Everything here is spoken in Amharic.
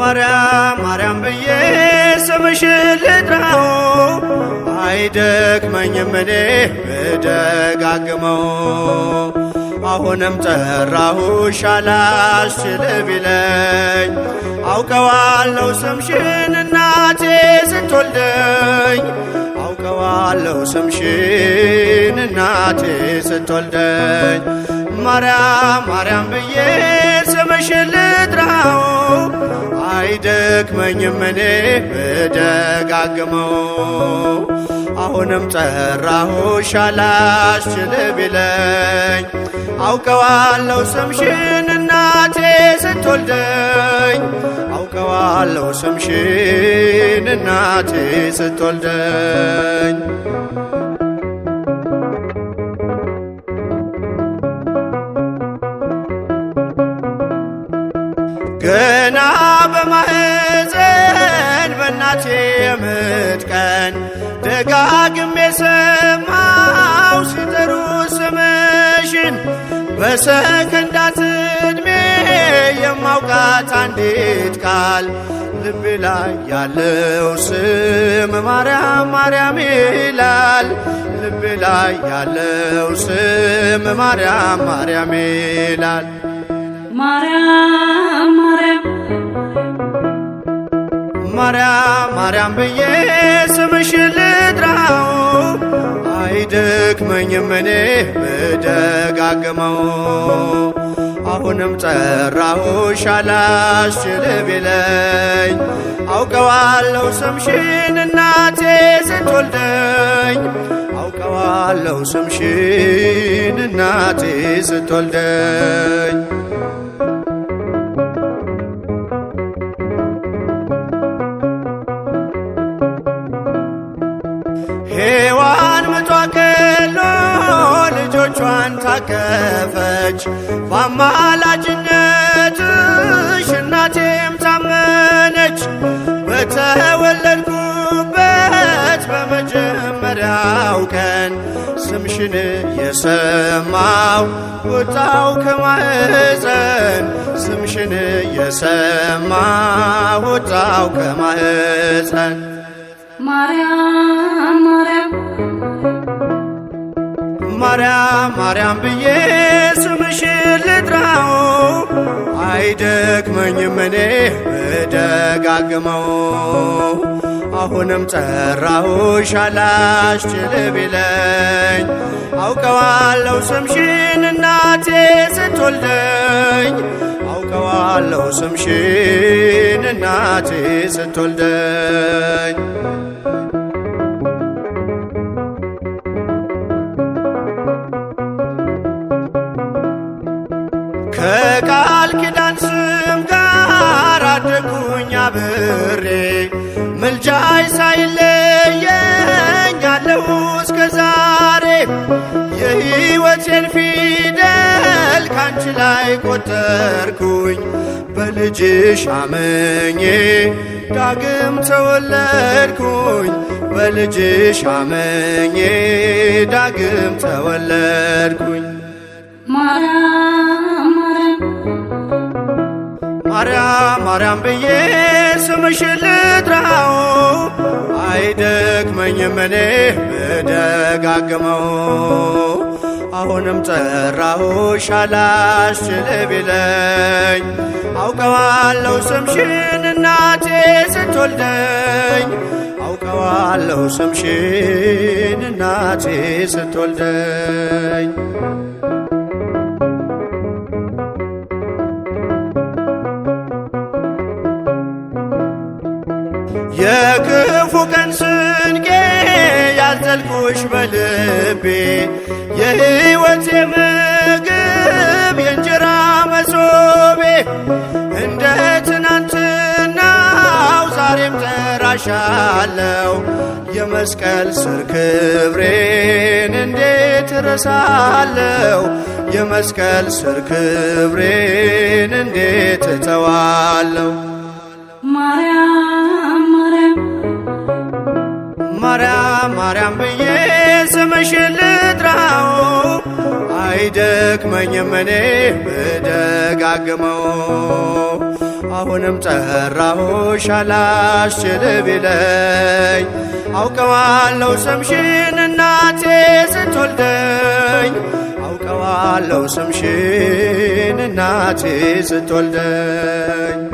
ማርያም ማርያም ብዬ ስምሽን ልጥራው አይደክመኝም እኔ ብደጋግመው አሁንም ጠራሁ ሻላስችል ቢለኝ አውቀዋለሁ ስምሽን እናቴ ስትወልደኝ አውቀዋለሁ ስምሽን እናቴ ስትወልደኝ ማርያም ማርያም ብዬ ስምሽን ልጥራው አይደክመኝም እኔ ብደጋግመው አሁንም ጠራሁ ሻላሽችል ቢለኝ አውቀዋለሁ ስምሽን እናቴ ስትወልደኝ አውቀዋለሁ ስምሽን እናቴ ስትወልደኝ ገና ደጋግሜ ሰማው ሲጠሩ ስምሽን በሰከንዳት ዕድሜ የማውቃት አንዲት ቃል ልቤ ላይ ያለው ስም ማርያም ማርያም ይላል። ልቤ ላይ ያለው ስም ማርያም ማርያም ይላል። ማርያም ማርያም ማርያም ብዬ ስምሽ ልጥራው አይደክመኝም እኔ ብደጋግመው አሁንም ጠራሁሽ አላስችል ቢለኝ አውቀዋለሁ ስምሽን እናቴ ስትወልደኝ አውቀዋለሁ ስምሽን እናቴ ስትወልደኝ ሔዋን ምጧ ቀሎ ልጆቿን ታቀፈች በአማላጅነትሽ እናቴም ታመነች በተወለድኩበት በመጀመሪያው ቀን ስምሽን የሰማው ወጣው ከማህፀን ስምሽን የሰማው ወጣው ከማህፀን ማርያም ማርያም ማርያም ብዬ ስምሽን ልጥራው አይደክመኝም እኔ ብደጋግመው አሁንም ጠራሁሽ አላስችል ቢለኝ አውቀዋለሁ ስምሽን እናቴ ስትወልደኝ አውቀዋለሁ ስምሽን እናቴ ስትወልደኝ ከቃል ኪዳን ስም ጋር አደጉኝ አብሬ ምልጃይ ሳይለየኝ አለሁ እስከ ዛሬ የሕይወቴን ፊደል ካንቺ ላይ ቆጠርኩኝ በልጅሽ አመኜ ዳግም ተወለድኩኝ በልጅሽ አመኜ ዳግም ተወለድኩኝ ማርያም ማርያም ማርያም ብዬ ስምሽን ልጥራው አይደክመኝም እኔ ብደጋግመው አሁንም ጠራሁሽ አላስችል ቢለኝ አውቀዋለሁ ስምሽን እናቴ ስትወልደኝ አውቀዋለሁ ስምሽን እናቴ ስትወልደኝ የክፉ ቀን ስንቄ ያልዘልኩሽ በልቤ የሕይወት የምግብ የእንጀራ መሶቤ እንደ ትናንትናው ዛሬም ተራሻለው የመስቀል ስር ክብሬን እንዴት ረሳለው? የመስቀል ስር ክብሬን እንዴት እተዋለው? ማርያም ማርያም ማርያም ብዬ ስምሽን ልጥራው አይደክመኝም እኔ ብደጋግመው። አሁንም ጠራሁሽ አላስችል ቢለኝ አውቀዋለሁ ስምሽን እናቴ ስትወልደኝ አውቀዋለሁ ስምሽን እናቴ ስትወልደኝ